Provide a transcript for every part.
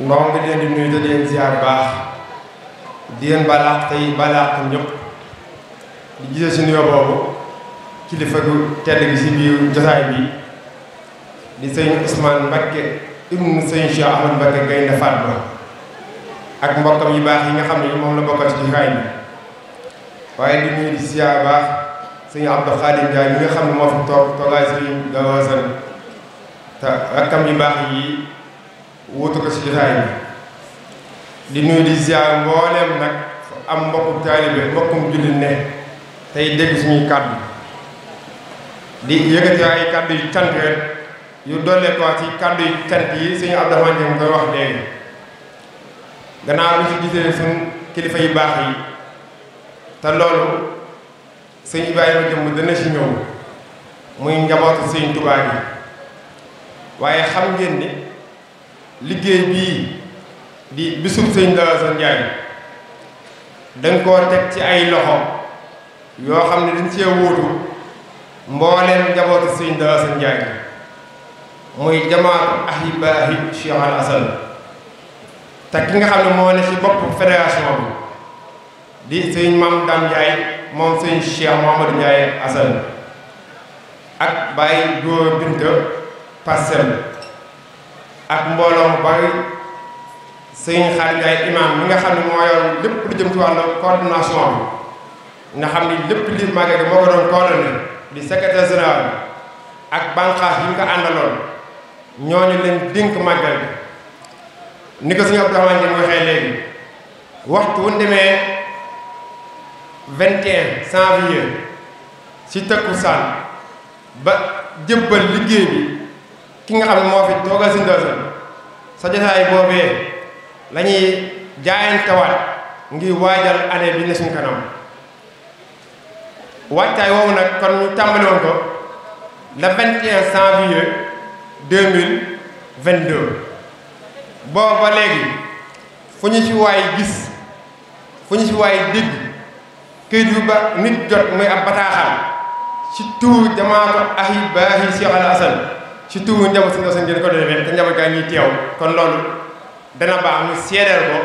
noo ngi leen di nuyu te leen ziar baax di leen balaax tey balaax ñëpp di gisee si nuyoo boobu kilifa gu tedd gi si biir jotaay bi di sëñ Ousmane Mbakke ibnu sëñ Cheikh Ahmad Mbakke Gaynde Fatma ak mbokkam yu baax yi nga xam ne moom la bokkal ci jotaay waaye di nuyu di ziar baax sëñ Abdou Khadim Ndiaye mi nga xam ne moo fi toog toogaay sëñ Gawasan te rakkam yu baax yi wutu ko si jotaay bi di nuyu di ziar mbooleem nag am mbokkum taalibe mbokkum jullit ne tey dégg suñuy kàddu di yëkkati ay kàddu yu kàddu yi cant yi suñu Abdourahmane Dieng koy wax léegi gannaaw lu ci gisee suñ kilifa yu baax yi te loolu sëñ Ibrahima jëmb dana ci ñëw muy njabootu sëñ Tuubaa gi waaye xam ngeen liggéey bii di bisum sëñ Daaru Asan Njaay dañ koo teg ci ay loxo yoo xam ne dañ cee wutu mbooleem njabootu sëñ Daaru Asan Njaay muy jamaatu ahibaahi Cheikh Al Hasan te ki nga xam ne moo ne ci bopp fédération bi di sëñ Maam Dam Njaay moom sëñ Cheikh Mouhamadou Njaay Hasan ak Baye Góor Binta Parcelles ak mbooloo mu bari sëñ Xaadim ay imam mi nga xam ne moo lépp lu jëm ci wàllu coordination bi nga xam ne lépp li magal gi moo ko doon coordonné di secrétaire général ak banqaas yi ñu ko àndaloon ñooñu leen dénk magal bi ni ko suñu Abdourahmane Dieng waxee léegi waxtu wu demee 21 janvier ci tëkku saan ba jëbbal liggéey bi ki nga xam ne moo fi toogal Sëriñ Daaru Salaam sa jotaay boobee la ñuy ngir waajal année bi ne suñ kanam woowu nag kon ñu tàmbali woon ko le 21 janvier 2022 boobu ba léegi fu ñu ci waay gis fu ñu ci waay dégg këyit bu ba nit jot muy ab bataaxal ci tuur jamaatu ahi baahi Cheikh Al Hassane ci turu njaboot si ndaw seen ngeen ko defee te njaboot gaa ñuy teew kon loolu dana baax ñu seedeel ko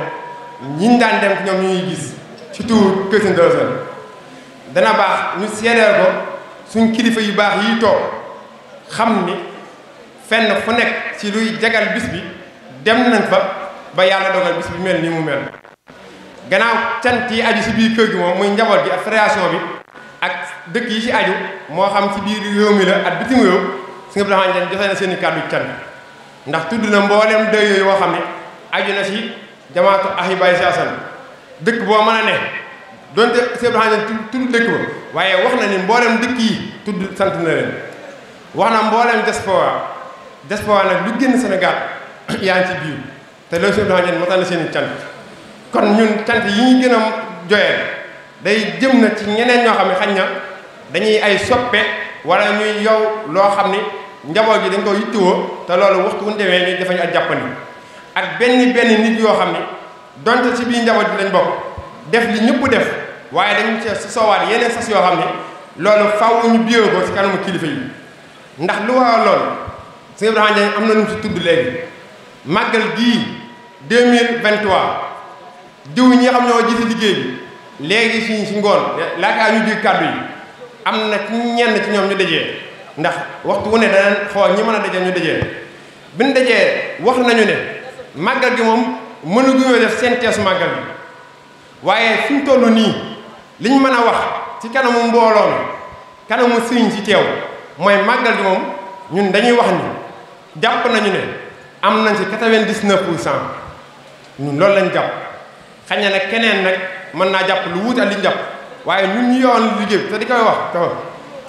ñiñ daan dem ñoom ñuy gis ci turu kër si dana baax ñu seedeel ko suñ kilifa yu baax yi toog xam ni fenn fu nekk ci luy jagal bis bi dem nañ fa ba yàlla dogal bis bi mel nii mu mel gannaaw cant yi aju si biir kër gi moom muy njaboot gi ak fédération bi ak dëkk yi ci aju moo xam ci biir réew la ak bitim réew si nga bilaxañ leen joxe na seen i kàddu can ndax tudd na mbooleem dëy yooyu woo xam ne aju na si jamaatu ahibay saasan dëkk boo mën a ne donte si bilaxañ leen tudd dëkk ba waaye wax na ni mboolem dëkk yi tudd sant na leen wax na mboolem diaspora diaspora nag lu génn senegal yaa ngi ci biir te loolu si bilaxañ leen matal na seen i kon ñun cant yi ñu gën a joyee day jëm na ci ñeneen ñoo xam ne xañ na dañuy ay soppe wala yow loo xam ni njaboot gi dañ ko yittewoo te loolu waxtu wuñ demee ni dafañu ak jàppandi ak benn benn nit yoo xam ne donte ci biir njaboot bi lañ bokk def li ñëpp def waaye dañu ci soowaat yeneen sas yoo xam ne loolu faaw ñu biyoo ko ci kanamu kilifa yi ndax lu waaw loolu sëñ Ibrahima Diagne am na lu ci tudd léegi màggal gii 2023 diw ñi xam ñoo jiite liggéey bi léegi si si ngoon laataa ñu jël kàddu yi am na ci ñenn ci ñoom ñu dajee ndax waxtu wu ne danañ xool ñi mën a daje ñu dajee biñ dajee wax nañu ne màggal gi moom mënu guñoo def seen teesu màggal gi waaye fi mu toll nii liñ mën a wax ci kanamu mbooloo mi kanamu sëriñ ci teew mooy màggal gi moom ñun dañuy wax ni jàpp nañu ne am nañ ci quatre-vingt-dix-neuf pour cent ñun loolu lañ jàpp xañ na nag keneen nag mën naa jàpp lu wuute ak liñ jàpp waaye lu ñu yoon liggéey te di koy wax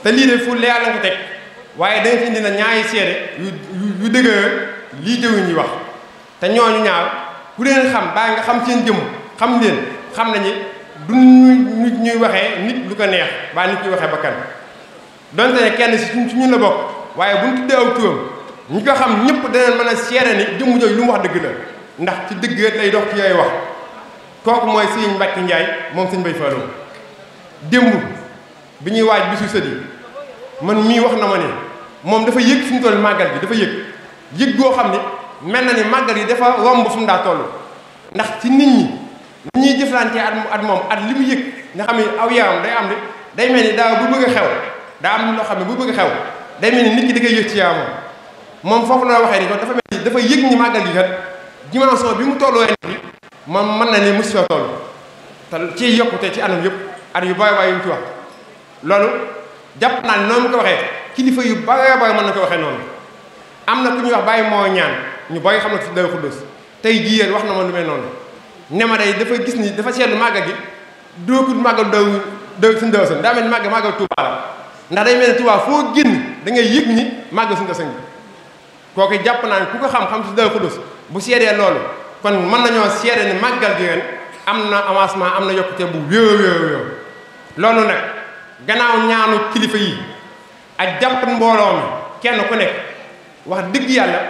te lii de fu leer la nga teg waaye da nga fi na ñaari seede yu yu dëgër lii jëwuñ ñuy wax te ñooñu ñaar ku leen xam baa nga xam seen jëmm xam leen xam nañu du ñu ñuy waxee nit lu ko neex baa nit ñuy waxee bakkan donte ne kenn si ci ñun la bokk waaye bu ñu tuddee aw turam ñi ko xam ñëpp danañ mën a seere ni jëmm jooju lu mu wax dëgg la ndax ci dëgg lay dox ci yooyu wax kooku mooy sëñ Mbacke Ndiaye moom sëñ Bay Fallou démb bi ñuy waaj bisu sëdi man mii wax na ma ne moom dafa yéeg fi mu toll màggal bi dafa yëg yéeg goo xam ne mel na ni màggal yi dafa romb fu mu daa toll ndax ci nit ñi nit ñuy jëflantee at at moom at li mu yëg nga xam ne aw yaram day am ne day mel ni daa bu bëgg a xew daa am loo xam ne bu bëgg xew day mel ni nit ki da koy yëg ci yaramam moom foofu la waxee ni kon dafa mel ni dafa yëg ni màggal yi kat soo bi mu tolloo bi moom mën na ni mos fa toll te ci yokkute ci anam yëpp at yu bàyyi waaye yu ci loolu jàpp naa ne noonu mu ko waxee kilifa yu bare bare mën na ko waxee noonu am na ku ñuy wax bàyyi moo ñaan ñu bari xam na ci Daaru Xudoos tey jii yéen wax na ma lu mel noonu ne ma day dafa gis ni dafa seetlu màggal gi dootul màggal daw daw suñu daw sën daa mel ni màggal màggal Tuubaa la ndax day mel ni Tuubaa foo génn da ngay yëg ni màggal suñu daw sën kooku jàpp naa ne ku ko xam-xam ci Daaru Xudoos bu seedee loolu kon mën nañoo seede ni màggal gi ren am na avancement am na yokkute bu wéew wéew wéew loolu nag gannaaw ñaanu kilifa yi ak jàpp mbooloo mi kenn ku nekk wax dëgg yàlla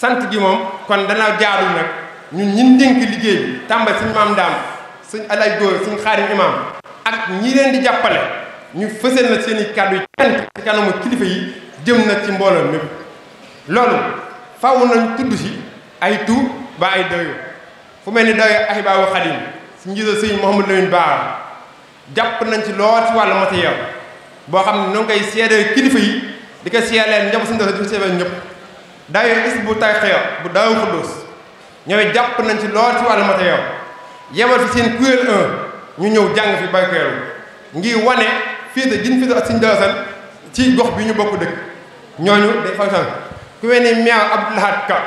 sant gi moom kon danaa jaarul nag ñu ñin dénk liggéey bi tàmbal suñ maam daam suñ alaj góor suñ xaarim imaam ak ñi leen di jàppale ñu fësal na seen i kàddu yi cant ci kanamu kilifa yi jëm na ci mbooloo mépp loolu faw nañ tudd si ay tuut ba ay doyo fu mel ni doyo ahibaabu xadim suñ gisoo sëñ Mouhamadou Lamine Bara jàpp nañ ci lool ci wàllu matériel boo xam ne ñoo ngi koy kilifa yi di ko seedeel ñëpp suñu doon di seedeel ñëpp daayoo Hizbut Tarqiyyah bu Daaru Xudoos ñooy jàpp nañ ci lool ci wàllu matériel yebal fi seen kuréel 1 ñu ñëw jàng fi barkeelu ngi wane fii de gin fi ak suñu ci gox bi ñu bokk dëkk ñooñu day fonction ku mel ni maire Abdou Ka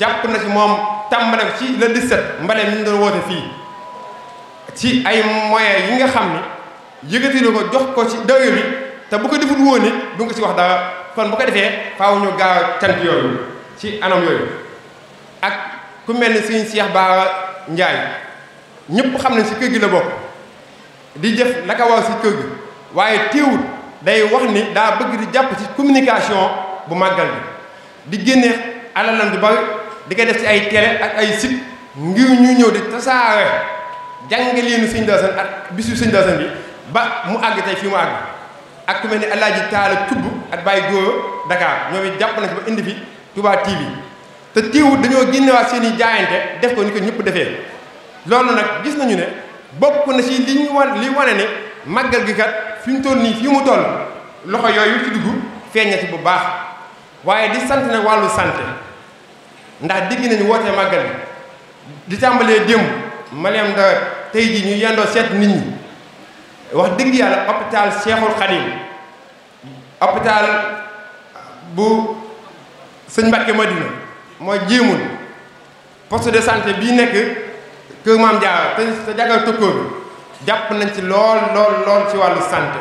jàpp na ci moom tàmbale ci le 17 mbale mi ñu doon woote fii ci ay moyens yi nga xam ni yëgati na ko jox ko ci dawe bi te bu ko deful woon it du nga ci wax dara kon bu ko defee faaw ñu gaaw a cant yooyu ci anam yooyu ak ku mel ni suñu Cheikh baa Ndiaye ñëpp xam ne si kër gi la bokk di jëf la ko si kër gi waaye teewul day wax ni daa bëgg di jàpp ci communication bu màggal bi di génne alalam du bari di ko def ci ay télé ak ay site ngir ñu ñëw di tasaare jàngaleenu sëñ Daasan ak bisu sëñ Daasan bi ba mu àgg tey fii mu àgg ak ku mel ni Alaaji Taala Cubb ak bay Góor dakaar ñoom it jàpp nañ ba indi fi Touba TV te teewul dañoo génnewaat seen i jaayante def ko ni ko ñëpp defee loolu nag gis nañu ne bokk na ci li ñu wan li wane ne màggal gi kat fi mu toll nii fii mu toll loxo yooyu ci dugg feeñati bu baax waaye di sant na wàllu santé ndax digg nañu woote màggal bi di tàmbalee démb maleem da tey ji ñu yendoo seet nit ñi wax dëgg yàlla hôpital Cheikhul Khadim hôpital bu sëñ Mbacke Madina mooy jéemul poste de santé bii nekk kër Maam Diarra te sa jagal tokkóor bi jàpp nañ ci lool lool lool ci wàllu santé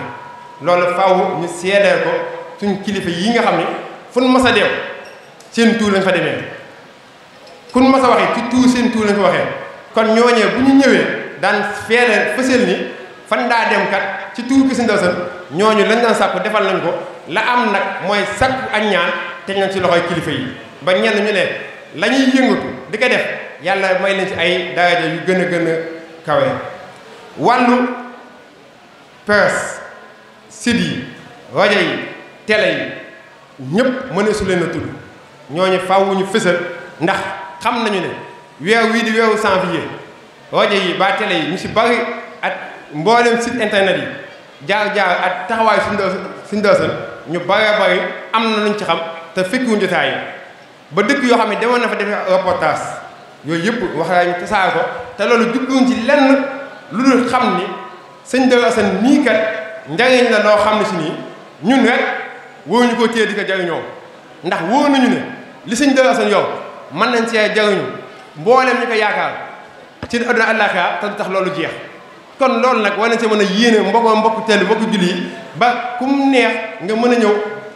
loolu faaw ñu seedeel ko suñ kilifa yi nga xam ne fu nu mas a seen tuur lañ fa demee fu nu mas a waxee ci tuur seen tuur lañ fa waxee kon ñooñee bu ñu ñëwee daan feere fësal ni fan daa dem kat ci tuur bi si ndaw san ñooñu lañ doon defal nañ ko la am nag mooy sàkku ak ñaan te nañ ci loxoy kilifa yi ba ñenn ñu ne lañuy ñuy di ko def yàlla may leen ci ay daraja yu gën a gën a wàllu presse sit yi rajo yi tele yi ñëpp mëne su leen a tudd ñooñu faaw ñu fësal ndax xam nañu ne weew wii di weeru janvier rajo yi ba télé yi ñu si bari at mboolem site internet yi jaar-jaar ak taxawaay suñu doo suñu ñu bare bari am na lu ñu ci xam te fekkiwuñ jotaay ba dëkk yoo xam ne demoon na fa defee reportage yooyu yëpp wax nañu tasaare ko te loolu jubluwuñ ci lenn lu dul xam ni sëñ Darou Assane nii kat njariñ la loo xam ne si nii ñun rek wóor ñu ko téye di ko jariñoo ndax wóor nañu ni li sëñ Darou Assane yow mën nañ see jariñu mboolem ñu ko yaakaar ci àdduna àllaaxira te du tax loolu jeex. kon loolu nag war nañ see mën a yéene mbokk mbokk teel mbokk julli yi ba ku neex nga mën a ñëw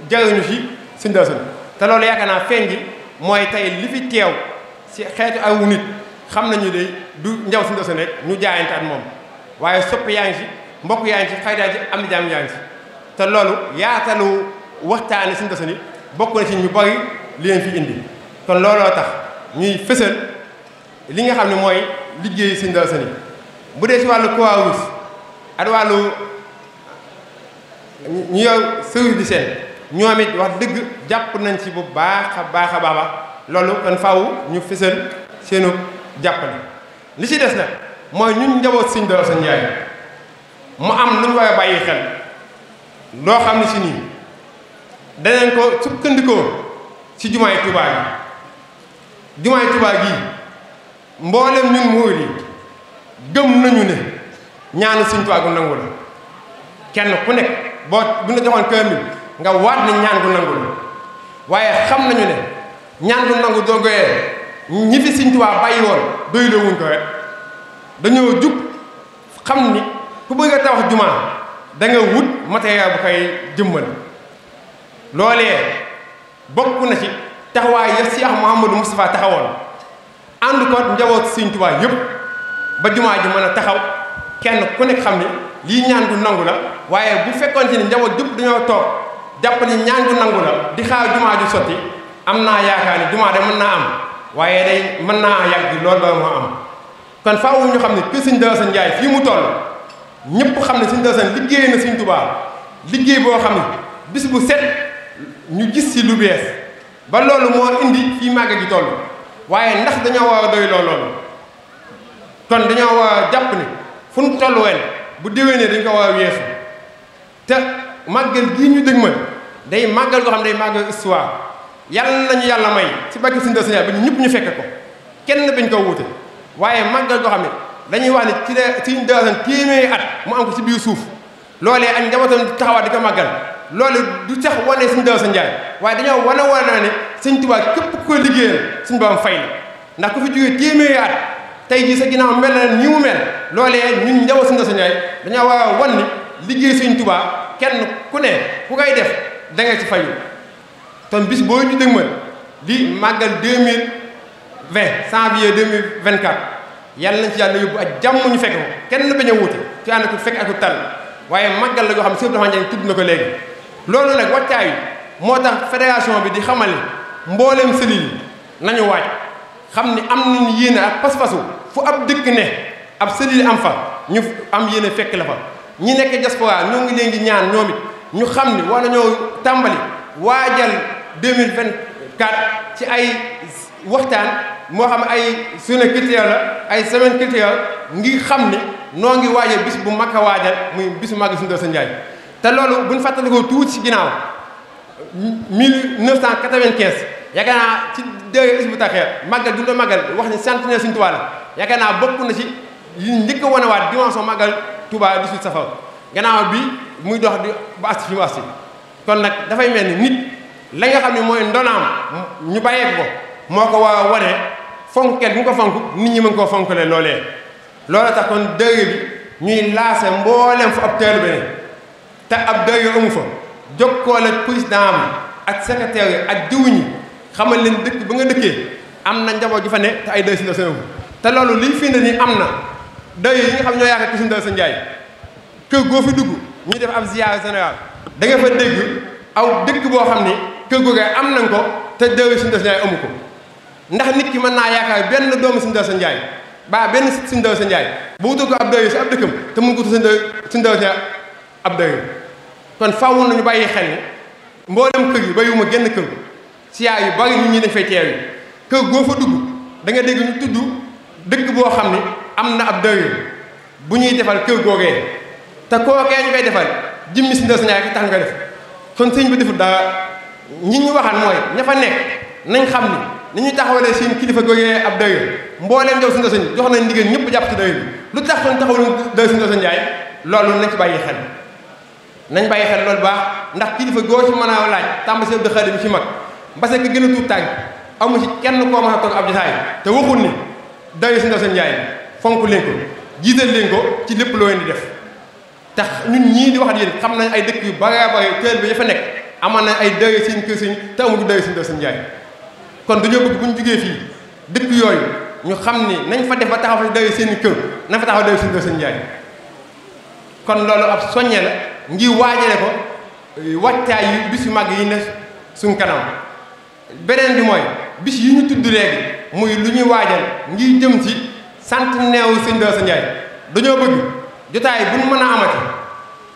jariñu fi si Daaru te loolu yaakaar naa feeñ gi mooy tey li fi teew si xeetu awu nit xam nañu de du njaw sëñ Daaru ñu jaayante at moom waaye sopp yaa ngi si mbokk yaa ngi si xaydaa ji am na jaam yaa ngi si te loolu yaatalu waxtaani sëñ Daaru bokk na ci ñu bari li leen fi indi kon looloo tax ñuy fësal li nga xam ne mooy liggéey sëñ Daaru bu dee ci wàllu Croix-Rouge ak wàllu ñu yow service du seen ñoom it wax dëgg jàpp nañ ci bu baax a baax a baax loolu kon faaw ñu fësal seenu jàppale li ci des na mooy ñun njaboot Sëñ Daaru Asan Njaay mu am lu ñu war bàyyi xel loo xam ne si nii danañ ko sukkandikoo ci jumaay Tuubaa gi jumaay Tuubaa gi mboolem ñun muur yi gëm nañu ne ñaanu Sëñ Tuubaa gu nangu la kenn ku nekk boo bu ñu joxoon kër nga waat ne ñaan gu nangu waaye xam nañu ne ñaan gu nangu dogoyee ñi fi Sëñ Tuubaa woon doyloo wuñ ko rek dañoo jub xam ni ku bëgg a tabax jumaa danga nga wut matériel bu koy jëmmal loolee bokk na ci taxawaay ya Cheikh Mouhamadou Moustapha taxawoon ànd ko njaboot Sëñ Tuubaa yëpp ba jumaa ji mën a taxaw kenn ku nekk xam ne lii ñaan du nangu la waaye bu fekkoon ci ne njaboot jub dañoo toog jàpp ni ñaan gu nangu la di xaar jumaa ju sotti am naa yaakaar ni jumaa de mën naa am waaye day mën naa yàgg loolu ba moo am kon faaw ñu xam ne kër Sëñ Daaru Asan Njaay fii mu toll ñëpp xam ne Sëñ Daaru Asan liggéey na Sëñ Tuubaa liggéey boo xam ne bis bu set ñu gis si lu bees ba loolu moo indi fii màgg gi toll waaye ndax dañoo war a doy loolu kon dañoo waa jàpp ne fu nu tolluwee bu déwénee dañ ko waa weesu te màggal gii ñu dëg ma day màggal goo xam day màggal histoire yàlla nañu yàlla may si bakki suñu da siña ñu ñëpp ñu fekk ko kenn bañ ko wuute waaye màggal goo xam ne dañuy wax ne ci de suñu daasan téeméeri at mu am ko ci biir suuf loolee ak njabootam taxawaat di ko màggal loolu du sax wane suñu daasan njaay waaye dañoo wane wane ne sëñ képp ko liggéeyal suñu borom fay la ndax ku fi jógee téeméeri tey jii sa ginnaaw mel na nii mu mel loolee ñun njawa si nga sa dañoo war a wan ni liggéey Sëriñ Tuubaa kenn ku ne ku koy def da ci fayu kon bis boo ñu dëgmal di màggal deux mille vingt janvier deux mil vingt quatre yàlla nañ ci yàlla yóbbu ak jàmm ñu fekk ko kenn bañ a wuute ci ànd ko fekk ak ko tal waaye màggal la yoo xam ne Sëriñ Abdou tudd na ko léegi. loolu nag wàccaay moo tax fédération bi di xamal mbooleem selil nañu waaj. xam ni am nañu yéene ak pas-pasu fu ab dëkk ne ab selil am fa ñu am yéene fekk la fa ñi nekk diaspora ñoo ngi leen di ñaan ñoom ñu xam ni war nañoo tàmbali waajal 2024 ci ay waxtaan moo xam ay journée culturelle la ay semaine culturelle ngi xam ni noo ngi waajal bis bu mag a waajal muy bisu mag suñu doo sa te loolu bu ñu fàttalikoo tuuti ci ginnaaw 1995 yaakaar dégg isbu taxeer màggal duñ doon màggal wax ni centenaire ne Tuubaa la yaakaar naa bokk na ci li njëkk a wanewaat dimension màggal Tuubaa du suñu safar gannaaw bi muy dox di ba asti fi mu asti kon nag dafay mel ni nit la nga xam ne mooy ndonaam ñu ko moo ko waa wane fonkeel bu ko fonk nit ñi mën koo fonkale loolee loola tax kon dëgg bi ñuy laase mboolem fu ab teelu bene te ab dëgg amu fa jokkoo la président am ak secrétaire yi ak diw ñi xamal leen dëkk ba nga dëkkee am na njaboot ju fa ne te ay doy si na seen te loolu liy firnde ni am na doy yi xam ñoo yaakaar ci suñu sa njaay kër goo fi dugg ñuy def ab ziyaar général da nga fa dégg aw dëkk boo xam ne kër googee am nañ ko te doy suñu sa njaay amu ko ndax nit ki mën naa yaakaar benn doomu suñu sa njaay baa benn suñu daw sa njaay bu wutal ko ab doy si ab dëkkam te mun ko suñu suñu daw sa ab doy kon faaw nañu bàyyi xel ni mboolem kër yi bàyyiwuma genn kër siyaa yu bari nit ñi dañ fay teew yi kër goo fa dugg da dégg ñu tudd dëkk boo xam ne am na ab dayoo bu ñuy defal kër googee te kookee ñu koy defal jimmi si ndas ñaay ki tax ñu koy def kon sëñ bi deful daa ñi ñu waxan mooy ña fa nekk nañ xam ni ni ñuy taxawalee seen kilifa googee ab dayoo mbooleem jow si ndas ñi jox nañ ndigal ñëpp jàpp ci dayoo bi lu tax kon taxawul dayo si ndas ñaay loolu nañ ci bàyyi xel nañ bàyyi xel loolu baax ndax kilifa goo ci mën a laaj tàmbali si mag mbase nga gën a tuut tànk amu ci kenn koo mën a toog ab jotaay te waxul ni dawe si ndaw sa njaay fonk leen ko jiital leen ko ci lépp loo leen di def tax ñun ñii di wax ak yéen xam nañ ay dëkk yu bare bare teel bi dafa nekk amoon nañ ay dawe seen kër seen te amuñu dawe si ndaw seen njaay kon dañoo bëgg bu ñu jugee fii dëkk yooyu ñu xam ni nañ fa def ba taxaw fa dawe seen kër nañ fa taxaw dawe si ndaw seen njaay kon loolu ab soññe la ngir waajale ko eh, waajtaay yu bis màgg yi ne suñ kanam beneen bi mooy bis yi ñu tudd léegi muy lu ñuy waajal ngir jëm ci sant wu sëñ Doosa Njaay dañoo bëgg jotaay bu ñu mën a amati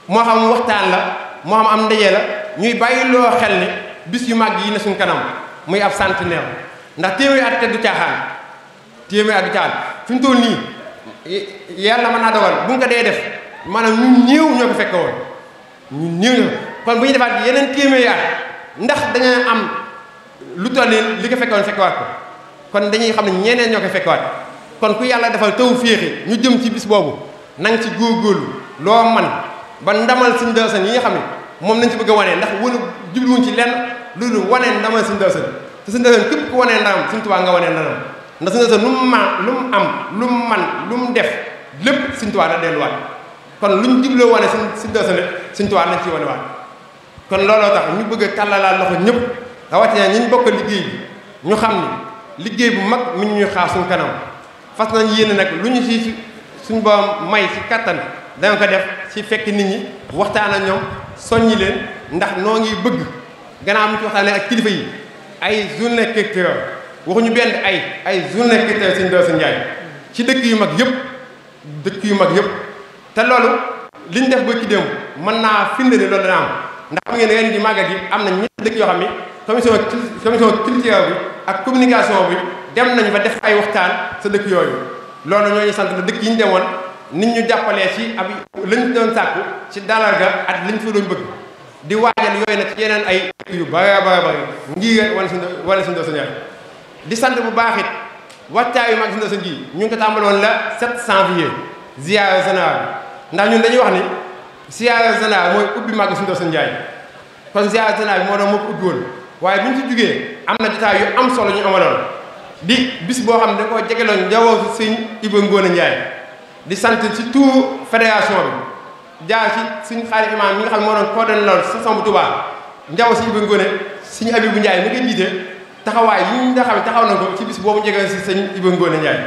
moo xam waxtaan la moo xam am ndaje la ñuy bàyyi loo xel ni bis yu màgg yi ne suñ kanam muy ab centenaire ndax téeméeri at te du caaxaan téeméeri at du caaxaan fi mu toll nii yàlla mën naa dogal bu nga ko dee def maanaam ñu néew ñoo ko fekke woon ñu néew ñoo kon bu ñu defaat yeneen téeméeri at ndax dañu am. lu toll nii li ko fekkoon fekkewaat ko kon dañuy xam ne ñeneen ñoo ko fekkewaat kon ku yàlla defal taw féexe ñu jëm ci bis boobu na nga góor góorgóorlu loo man ba ndamal suñu dawsan yi nga xam ne moom nañ ci bëgg a wanee ndax wënu jubluwuñ ci lenn loolu wanee ndamal suñu dawsan te suñu dawsan képp ku wanee ndam suñu tubaa nga wanee ndam ndax suñu dawsan lu mu man lu mu am lu mu man lu mu def lépp suñu tubaa da delluwaat kon lu luñ jubloo wane suñ suñu dawsan suñu tubaa lañ ciy wanewaat kon looloo tax ñu bëgg a tàllalaat loxo ñëpp rawatina ñi ñu bokk liggéey bi ñu xam ne liggéey bu mag mi ñuy xaar suñ kanam fas nañ yéene nag lu ñu si suñ borom may si kattan danga ko def si fekk nit ñi waxtaan ak ñoom soññi leen ndax noo ngi bëgg gannaaw mu ci waxtaanee ak kilifa yi ay journée culturelle waxuñu benn ay ay journée culturelle suñ doo suñ njaay ci dëkk yu mag yëpp dëkk yu mag yëpp te loolu li ñu def ba ci démb mën naa firnde ne loolu dana am ndax xam ngeen ren di màggal gi am na ñetti yoo xam ne commission commission culture bi ak communication bi dem nañu fa def ay waxtaan sa dëkk yooyu loolu ñoo sant la dëkk yi ñu demoon nit ñu jàppalee ci ab lañ doon sàkku ci dalarga at liñ fa doon bëgg di waajal yooyu nag ci yeneen ay yu bare bare bare ngii wala suñ wala suñ doo sa di sant bu baax it wàccaayu mag suñ doo sa ngi ñu ngi ko tàmbaloon la 7 janvier ziyaara général ndax ñun dañuy wax ni ziyaara général mooy ubbi mag suñ doo sa njaay kon ziyaara général bi moo doon moo ko waaye bu ñu ci jugee am na jotaay yu am solo ñu amaloon di bis boo xam ne da koo jegeloon njawoo si sëñ Iba Ngoone Njaay di sant ci tout fédération bi jaar ci suñ xaari imam mi nga moo koo doon lool sa somb Touba njaw si Iba Ngoone suñu Abibu Njaay mi nga jiite taxawaay yi nga xam ne taxaw na ko ci bis boobu jegee si sëñ Iba Ngoone Njaay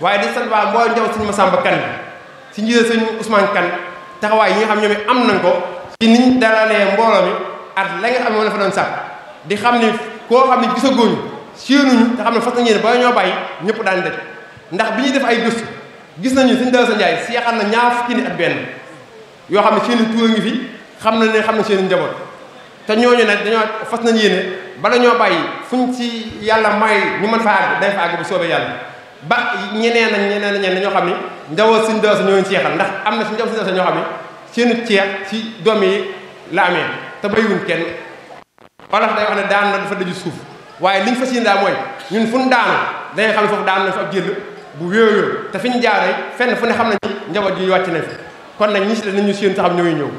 waaye di sant waa mboo ñu ma Masamba Kan si njiite sëñ Ousmane Kan taxawaay yi nga xam ñoom am nañ ko ci niñ dalalee mbooloo mi at la nga xam ne di xam ne koo xam ne gisagooñu séenuñu te xam ne fas nañu ne ba ñoo bàyyi ñëpp daan def ndax bi ñuy def ay gëstu gis nañu si Daouda Ndiaye seexal na ñaar fukki nit ak benn yoo xam ne seeni tuur ngi fi xam na ne xam na seeni njaboot te ñooñu nag dañoo fas nañ yéene bala ñoo bàyyi fuñ ci yàlla may ñu mën fa àgg dañ fa àgg bu soobee yàlla ba ñeneen ak ñeneen ak ñeneen ñoo xam ne njaboot sëñ Daouda ñooñu seexal ndax am na si njaboot sëñ Daouda ñoo xam ne seeni ceex ci doom yi la amee te bàyyiwuñ kenn olof day wax ne daanu na dafa daju suuf waaye li ñu fas yéene daal mooy ñun fu ñu daanu dañuy xam ne fa ab jël bu wéyoo te ñu jaaree fenn fu ne xam nañu njaboot yi wàcc nañ fi kon nag ñi si def nañu séen saxam ñooy ñëw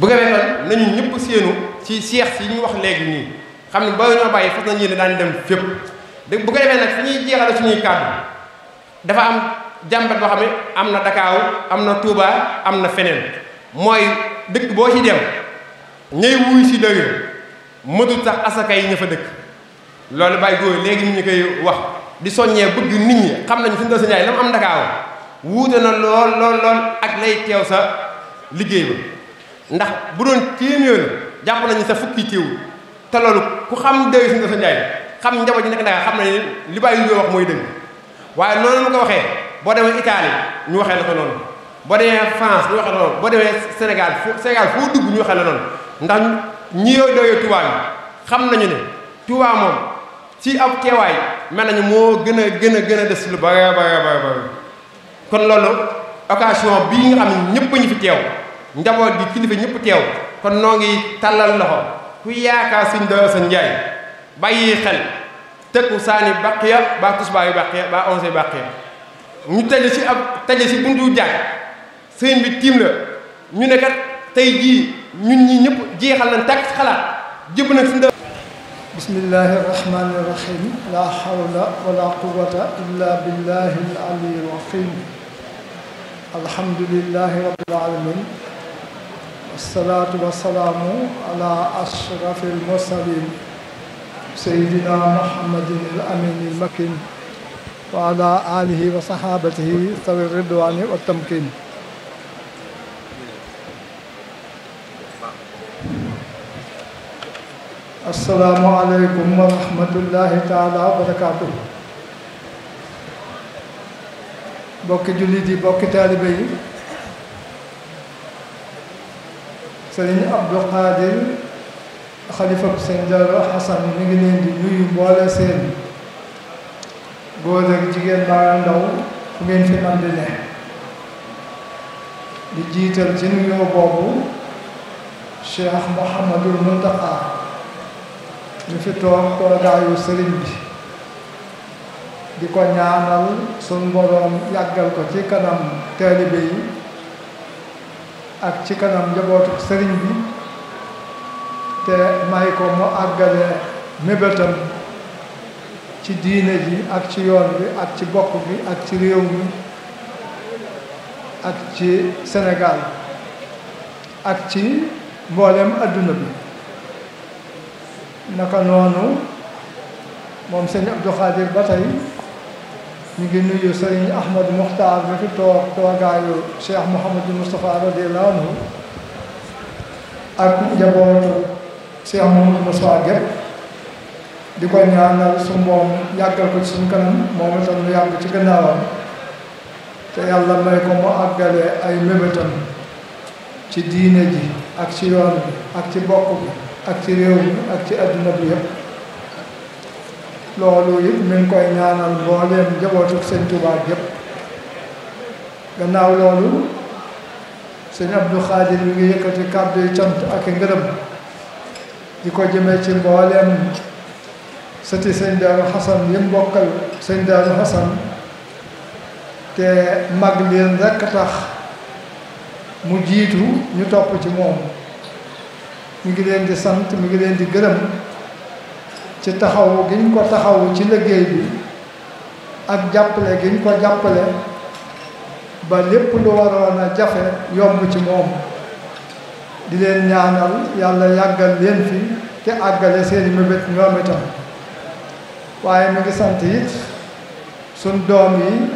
bu nañu ñëpp séenu ci seex yi ñu wax léegi nii xam ne ba ñoo bàyyi fas nañu yéene daan dem fépp bu ko defee nag fi ñuy jeexale suñuy kàddu dafa am jàmbat boo xam am na Dakaaw am na Touba am na feneen mooy dëkk boo ci dem ñëy wuy si dëgg mëtul sax asaka yi ña fa dëkk loolu baay góor léegi ñu koy wax di soññee bëgg nit ñi xam nañu fi mu dal la mu am Dakaaw wuute na lool lool lool ak lay teew sa liggéey ba ndax bu doon téeméer jàpp nañu sa fukki teew te loolu ku xam dëgg fi mu dal sa ñaay xam njaboot yi nekk Dakar xam nañ li bàyyi góor wax mooy dëgg waaye loolu ma ko waxee boo demee Italie ñu waxee la ko noonu boo demee France ñu waxee la noonu boo demee Sénégal foo Sénégal foo dugg ñu waxee la noonu ndax ñi yooyu dooyoo Touba bi xam nañu ne Touba moom ci ab teewaay mel nañu moo gën a gën a gën a des lu bare bare kon loolu occasion bii nga ñëpp ñu fi teew njaboot gi kilifa ñëpp teew kon noo ngi tàllal loxo ku yaakaar suñ doyoo sa njaay bàyyi xel tëkku saani bàqiya baa tusbaa yu bàqiya baa onze bàqiya ñu daje ci ab daje ci buntu jaay sëriñ bi tiim la ñu ne tey jii ñun ñi ñëpp jeexal na tàkk ci xalaat jëb nag suñu bismillahi irrahmani irrahim la hawla wala quwata illa billahi al aliyi alazim alhamdulilahi rabbil alamin wasalaatu wasalaamu ala ashrafi almursalin sayidina muhammadin al amin al makin wa ala alihi wa sahabatihi sawi ridwani wa tamkin assalaamu aleykum wa rahmatullahi taala bokki jullit yi bokki taalibe yi sëriñ Abdou Khadir xalifa bu seen Jalla Xasan mi góor ak jigéen baa ndaw fu ngeen fi man di ne jiital ci nuyoo boobu Cheikh Mouhamadul Muntaqa ñu fi toog toogaayu sëriñ bi di ko ñaanal sun boroom yàggal ko ci kanam taalibe yi ak ci kanam njabootu sëriñ bi te may ko mu àggale mébétam ci diine bi ak ci yoon bi ak ci bokk bi ak ci réew mi ak ci Sénégal ak ci mboolem àdduna bi naka noonu moom sëñ Abdou Khadir ba tey ñu ngi nuyu sëriñ Ahmad Muxtaar bi fi toog toogaayu Cheikh Mouhamadou Moustapha radiyallahu anhu ak njabootu Cheikh Mouhamadou Moustapha gépp di ko ñaanal su moom yàggal ko ci suñu kanam moom itam mu yàgg ci gannaawam te yàlla may ko mu àggale ay mébétam ci diine ji ak ci yoon bi ak ci bokk bi ak ci réew mi ak ci adduna bi yëpp loolu it mi ngi koy ñaanal mbooleem njabootu sëñ Tuubaa yëpp gannaaw loolu sëñ Abdou Khadir mi ngi yëkkati kàddu yi cant ak i ngërëm di ko jëme ci mbooleem sëti sëñ Daaru Xasan yim bokkal sëñ Daaru Xasan te mag leen rekk tax mu jiitu ñu topp ci moom mu ngi leen di sant mu ngi leen di gërëm ci taxaw gi ñu ko taxawu ci liggéey bi ak jàppale gi ñu ko jàppale ba lépp lu waroon a jafe yomb ci moom di leen ñaanal yàlla yàggal leen fi te àggale seeni mébét ñoom itam waaye mu ngi sant it suñ doom yi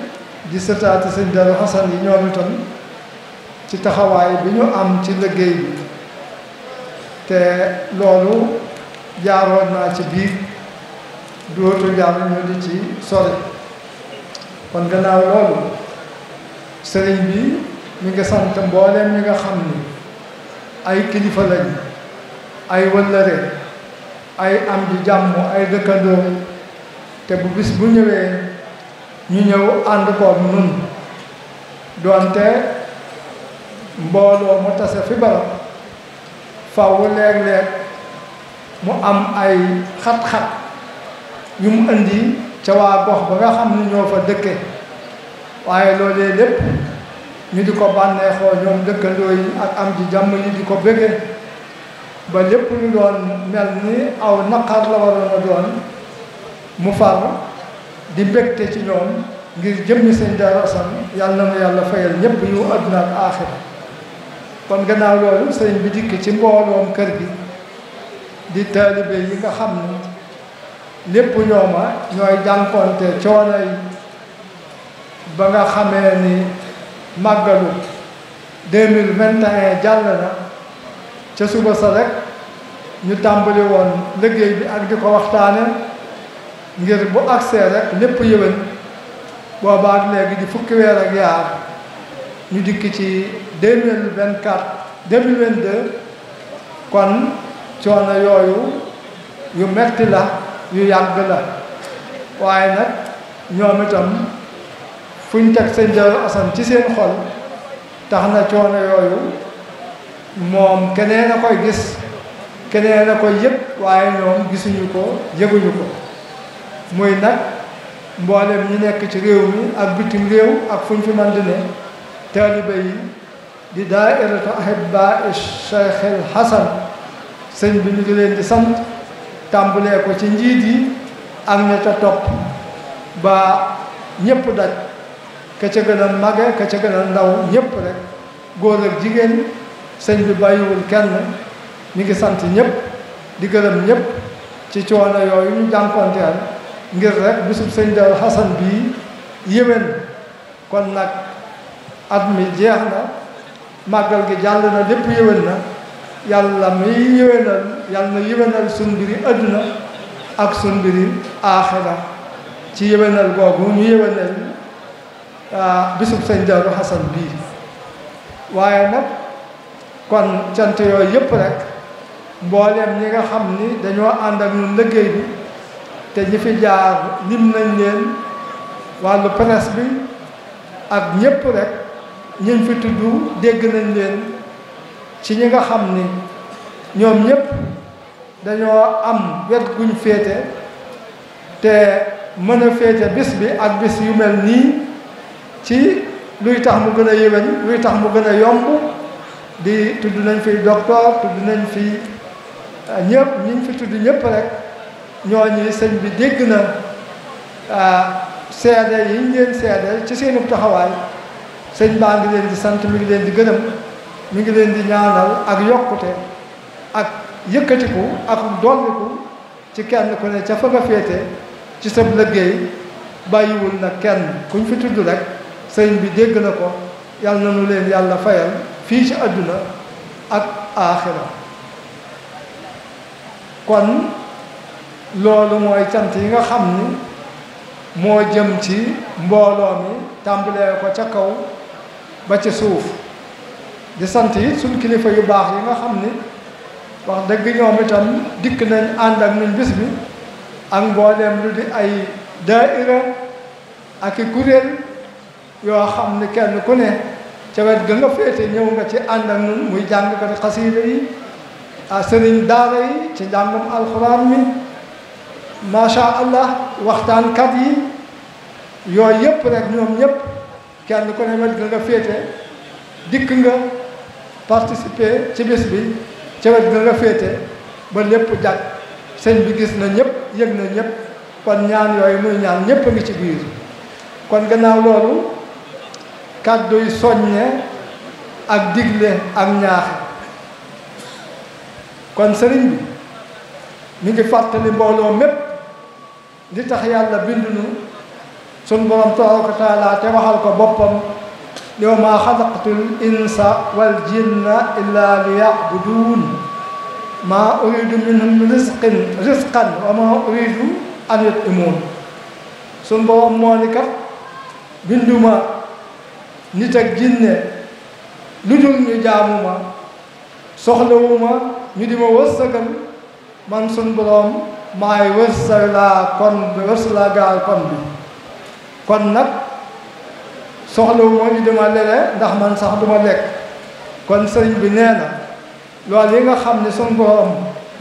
di sëtaati sëñ Darou Xasan yi ñoom itam ci taxawaay bi ñu am ci liggéey bi te loolu jaaroon naa ci biir dootu jaar ñu di ci sori kon gannaaw loolu sëriñ bi mi ngi sant mbooleem ñi nga xam ni ay kilifa lañ ay wëllëre ay am di jàmm ay dëkkandoo te bu bis bu ñëwee ñu ñëw ànd koog nun doonte mbooloo mu tase fi barab faw leeg-leeg mu am ay xat-xat yu mu indi ca waa gox ba nga xam ne ñoo fa dëkke waaye loolee lépp ñu di ko bànneexoo ñoom dëkkandoo ak am ji jàmm di ko bëgge ba lépp lu doon mel ni aw naqar la waroon a doon mu faatu di mbégte ci ñoom ngir jëmmi sëñ Daaru Asan yàlla na yàlla fayal ñëpp yu àdduna ak aaxira kon gannaaw loolu sëñ bi dikk ci mbooloom kër gi di taalibe yi nga xam ne lépp ñooma ñooy jànkoonte coono yi ba nga xamee ni màggalu deux mille vingt et jàll na ca suba sa rek ñu tàmbali woon liggéey bi ak di ko waxtaane ngir bu agsee rek lépp yëwén boobaak léegi di fukki weer ak yaar ñu dikk ci deux mille vingt kon coono yooyu yu metti la yu yàgg la waaye nag ñoom itam fuñ teg seen jaww asan ci seen xol tax na coono yooyu moom keneen a koy gis keneen a koy yëpp waaye ñoom gisuñu ko yëguñu ko muy nag mboolem ñi nekk ci réew mi ak bitim réew ak fu ñu fi man di ne taaliba yi di daairatu ahibaa Cheikh El sëñ bi ñu ngi leen di sant tàmbalee ko ci njiit yi ak ña ca topp ba ñépp daj ka ca gën mage ka ca gën ndaw ñépp rek góor ak jigéen sëñ bi bàyyiwul kenn ñu ngi sant ñépp di gërëm ñépp ci coono yooyu ñu jànkonteel ngir rek bisub sëñ Daaru Xasan bii yéwén kon nag at mi jeex na màggal gi jàll na lépp yéwén na yàlla mi yéwénal yàlla na yéwénal suñ mbiri àdduna ak suñ mbiri aaxira ci yéwénal googu ñu yéwénal ah, bisub sëñ Daaru Xasan bii waaye nag kon cant yooyu yëpp rek mbooleem ñi nga xam ni dañoo ànd ak ñun liggéey bi te ñi fi jaar lim nañ leen wàllu presse bi ak ñépp rek ñiñ fi tudd dégg nañ leen ci ñi nga xam ni ñoom ñépp dañoo am wet guñ féete te mën a féete bis bi ak bis yu mel nii ci luy tax mu gën a yéwén luy tax mu gën a yomb di tudd nañ fi docteur tudd nañ fi ñëpp ñi ñu fi tudd ñëpp rek ñoo ñooñu sëñ bi dégg na ah, seede yi ñu leen seedeel ci seenu taxawaay sëñ baa ngi leen di sant mi ngi leen di gërëm mi ngi leen di ñaanal ak yokkute ak yëkkatiku ak dolliku ci kenn ku ne ca fa nga féete ci sa liggéey bàyyiwul nag kenn kuñ fi tudd rek sëñ bi dégg na ko yàlla na nu leen yàlla fayal fii ci àdduna ak aaxira kon loolu mooy cant yi nga xam ni moo jëm ci mbooloo mi tàmbalee ko ca kaw ba ci suuf di sant yi suñ kilifa yu baax yi nga xam ni wax dëgg ñoom itam dikk nañ ànd ak ñun bis bi ak mbooleem lu di ay daaira ak i kuréel yoo xam ni kenn ku ne ca wet ga nga féete ñëw nga ci ànd ak ñun muy jàngkati xasiida yi ah sëriñ yi ci njàngum alxuraan mi macha allah kat yi yooyu yëpp rek ñoom ñëpp kenn ko ne wet nga féete dikk nga participer ci bis bi ca wet ga nga féete ba lépp jag sëñ bi gis na ñëpp yëg na ñëpp kon ñaan yooyu muy ñaan ñëpp ngi ci biir kon gannaaw loolu kàddu yu soññee ak digle ak ñaaxe kon sëriñ bi mi ngi fàttali mbooloo mépp li tax yàlla bind nu sunu borom tabaaraka waxal ko boppam yow maa xalaqtul insa wal jinna illa liya'buduun maa uridu minhum risqin risqan wa maa uridu an yut'imuun sunu borom moo binduma nit jinne lu dul ñu jaamuma soxlawuma ñu di ma wërsëgal man sunu maay wërsëlaa kon bi wërsëlaa gaal kon bi kon nag soxlawu ma ñu dama lele ndax man sax duma lekk kon sëriñ bi nee na lool yi nga xam ne suñ borom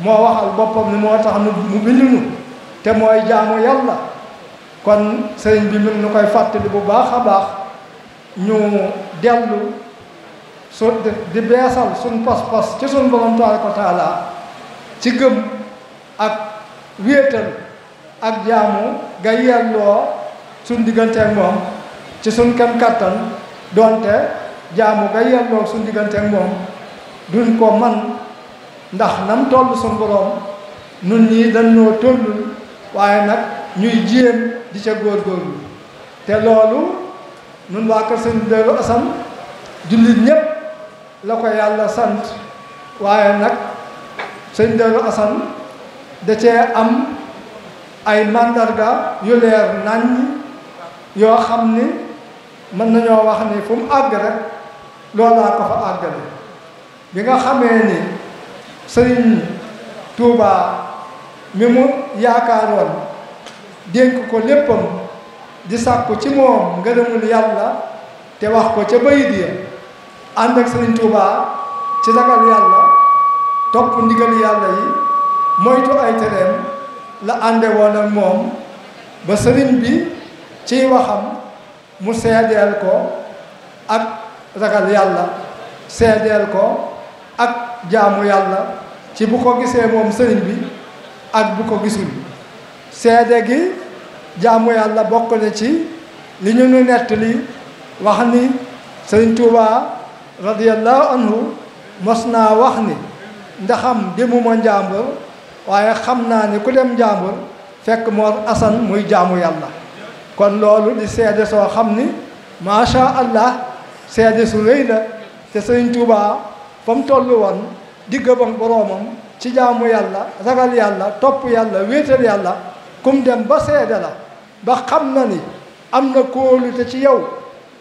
moo waxal boppam ni moo tax mu bind nu te mooy jaamu yàlla kon sëriñ bi mi ngi koy fàttali bu baax a baax ñu dellu su di beesal suñ pas-pas ci suñ borom tabaaraka wa taala ci gëm ak wéetal ak jaamu ga yelloo suñ digganteeg moom ci suñ kem kàttan doonte jaamu ga yelloo suñ digganteeg moom duñ ko man ndax nam toll suñ boroom nun ñii dañoo tollul waaye nag ñuy jéem di ca góorgóorlu te loolu nun waa kër sëñ Darou Assane jullit ñépp la ko yàlla sant waaye nag sëñ Darou Assane da cee am ay mandarga yu leer naññ yoo xam ni mën nañoo wax ni fu mu àgg rek loolaa ko fa àggale bi nga xamee ni sëriñ Tuubaa mi mu yaakaaroon dénk ko léppam di sàkku ci moom ngërëmul yàlla te wax ko ca bayit ya ànd ak sëriñ Tuubaa ci ragal yàlla topp ndigal yàlla yi moytu ay tereem la ànde ak moom ba sëriñ bi ciy waxam mu seedeel ko ak ragal yàlla seedeel ko ak jaamu yàlla ci bu ko gisee moom sëriñ bi ak bu ko gisul seede gi jaamu yàlla bokk na ci li ñu nu nettali wax ni sëriñ Tuuba radiyallahu anhu mos naa wax ni ndaxam demuma njàmbur waaye xam naa ni ku dem njàmbur fekk Mor Assane muy jaamu yàlla kon loolu di seede soo xam ni macha allah seede su rëy la te sëñ Tuubaa fa mu toll woon diggabam boroomam ci jaamu yàlla ragal yàlla topp yàlla wéetal yàlla kum dem ba seede la ba xam na ni am na kóolute ci yow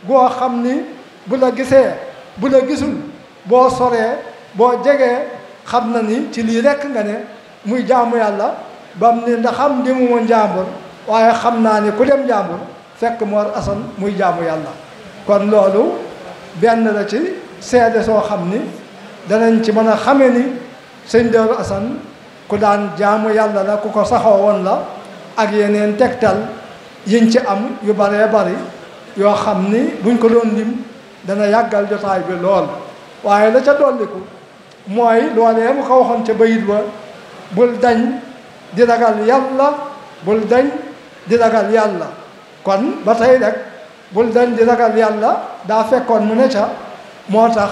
boo xam ni bu la gisee bu la gisul boo soree boo jegee xam na ni ci lii rekk nga ne muy jaamu yàlla bam ne ndax am demumoon njàmbur waaye xam naa ni ku dem njàmbur fekk Mor Assane muy jaamu yàlla kon loolu benn la ci seede soo xam ni danañ ci mën a xame ni sëñ Darou Assane ku daan jaamu yàlla la ku ko saxoo woon la ak yeneen tegtal yiñ ci am yu baree bari yoo xam ni buñ ko doon lim dana yàggal jotaay bi lool waaye la ca dolliku mooy loolee mu ko waxoon ca bayit ba bul dañ di ragal yàlla bul dañ di ragal yàlla kon ba tey rek bul dañ di ragal yàlla daa fekkoon mu ne ca moo tax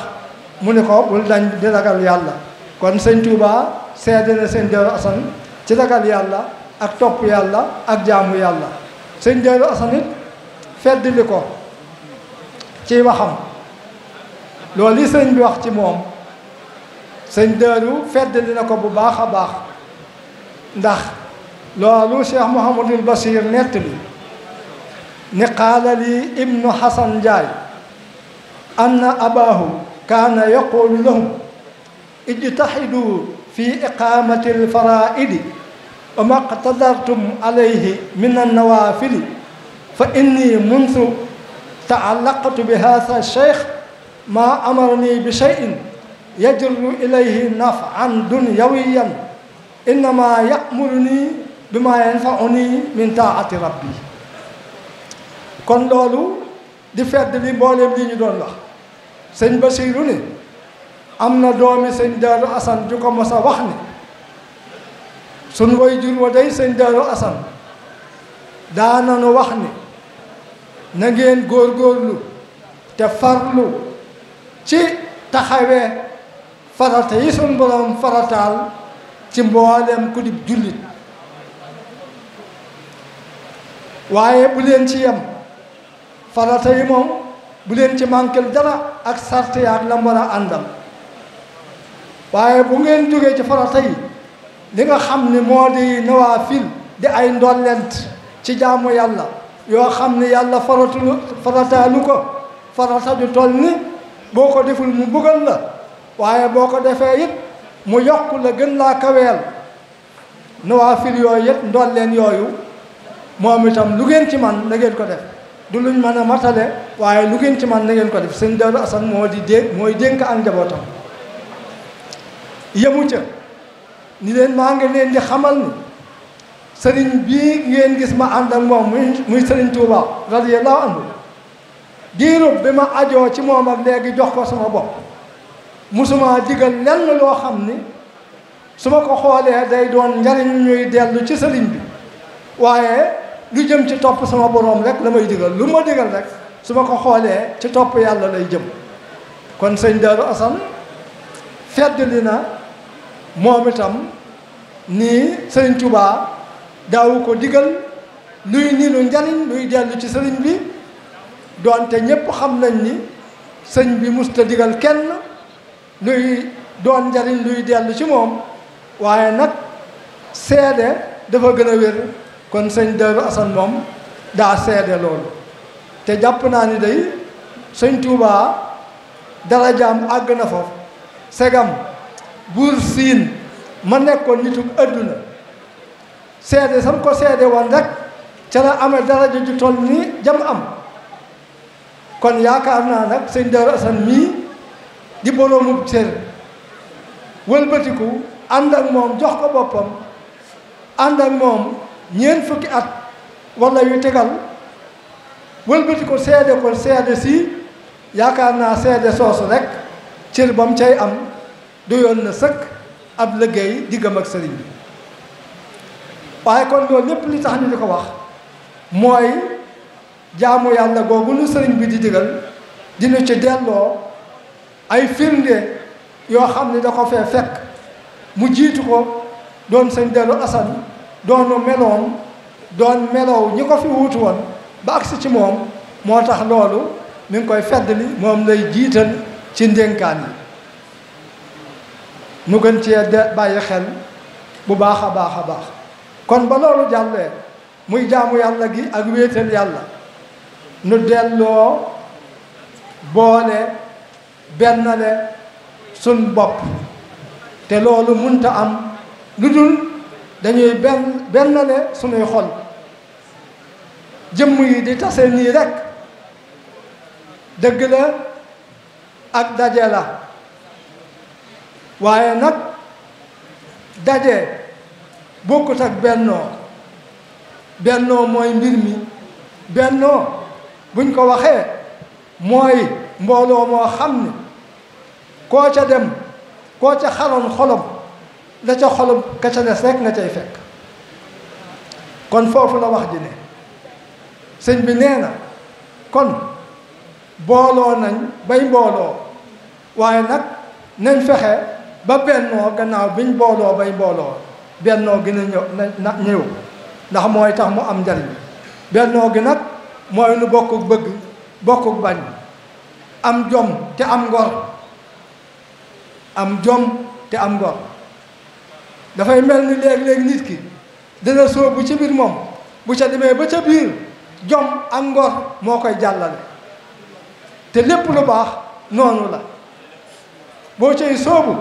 mu ne ko bul dañ di ragal yàlla kon sëñ Tuuba seede na sëñ Daaru Asan ci ragal yàlla ak topp yàlla ak jaamu yàlla sëñ Daaru Asan it feddli ko ci waxam loolu yi sëñ bi wax ci moom sëñ Daaru feddli na ko bu baax a baax ndax loolu cheikh mouhamadul basir nett li ni qaala li ibnu hasan njaay anna abahu kaana yaqulu lahum ijtahidu fi iqamati alfaraidi wa ma qtadartum alayhi min annawafili fa inni mundu taallaqtu bi hadha alcheikh ma amarani bi cheyin yajru ilayhi nafan dunyawiyan innama ya'muruni bima yanfa'uni min taa'ati rabbi kon loolu di fedd li mbooleem li ñu doon wax sëñ Basiiru ne am na doomi sëñ Daaru Asan ju ko mos a wax ne suñ way jur wa day sëñ Daaru Asan daananu wax ne na ngeen góorgóorlu te farlu ci taxawee farata yi suñ borom farataal ci mbooleem ku dib jullit waaye buleen ci yem farata yi moom bu leen ci manquel dara ak sart yaag la mën a àndal waaye bu ngeen jógee ci farata yi li nga xam ne moo di nawaafil di ay ndollent ci jaamu yàlla yoo xam ne yàlla faratu farataalu ko farata ju toll ni boo ko deful mu bëggal la waaye boo ko defee it mu yokk la gën laa kaweel nawaafil yooyu yëpp ndool leen yooyu moom itam lu ngeen ci man na ngeen ko def du luñ mën a matale waaye lu ngeen ci man na ngeen ko def sëñ Daaru Asan moo di dé mooy dénk ak njabootam yemu ca ni leen maa ngi leen di xamal ni sëriñ bii ngeen gis ma ànd ak moom muy muy sëriñ Tuubaa radiyallaahu anhu diirub bi ma ajoo ci moom ak léegi jox ko sama bopp musuma digal lenn loo xam ni su ma ko xoolee day doon njariñ ñuy dellu ci sëriñ bi waaye lu jëm ci topp sama boroom rek la may digal lu ma digal rek su ma ko xoolee ci topp yàlla lay jëm kon sëñ Darou Assane fedd li na moom itam nii sëriñ tubaa daawu ko digal luy nii njariñ luy dellu ci sëriñ bi doonte ñépp xam nañ ni sëñ bi musta digal kenn luy doon njariñ luy dellu ci moom waaye nag seede dafa gën a wér kon sëñ Darou Assane moom daa seede loolu te jàpp naa ni day sëñ Touba dara àgg na foofu segam buur siin ma nekkoon nitu adduna seede sam ko seede woon rek ca la amee daraja ju toll ni jam am kon yaakaar naa nag sëñ Darou Assane mii di boroomu cër wëlbatiku ànd ak moom jox ko boppam ànd ak moom ñeent fukki at walla yu tegal wëlbatiku seede ko seede si yaakaar naa seede soosu rekk cër ba mu cay am doyoon na sëkk ab liggéey diggam ak sëriñ bi waaye kon loolu lépp li tax ñu di ko wax mooy jaamu yàlla googu lu sëriñ bi di digal dina ci delloo ay firnde yoo xam ne da ko fee fekk mu jiitu ko doon sëñ dellu asan doonu meloon doon melow ñi ko fi wuutu woon ba agsi ci moom moo tax loolu mi koy fedd moom lay jiital ci ndénkaan yi nu gën cee de bàyyi xel bu baax a baax a baax kon ba loolu jàllee muy jaamu yàlla gi ak wéetal yàlla nu delloo boole bennale suñ bopp te loolu munta am lu dul dañuy benn bennale suñuy xol jëmm yi di tase nii rekk dëgg la ak daje la waaye nag daje bokkut ak bennoo bennoo mooy mbir mi bennoo buñ ko waxee mooy mbooloo moo xam ne koo ca dem koo ca xaloon xolom la ca xolom ka ca des rek nga cay fekk kon foofu la wax ji ne sëñ bi nee na kon booloo nañ bay mbooloo waaye nag nañ fexe ba bennoo gannaaw biñ booloo bay mbooloo bennoo gi na ñëw na ñëw ndax mooy tax mu am njariñ bennoo gi nag mooy nu bokkuk bëgg bokkuk bañ am jom te am ngor am jom te am ngor dafay mel ni léeg-léeg nit ki dina sóobu ci biir moom bu ca demee ba ca biir jom ak ngor moo koy jàllale te lépp lu baax noonu la boo cay sóobu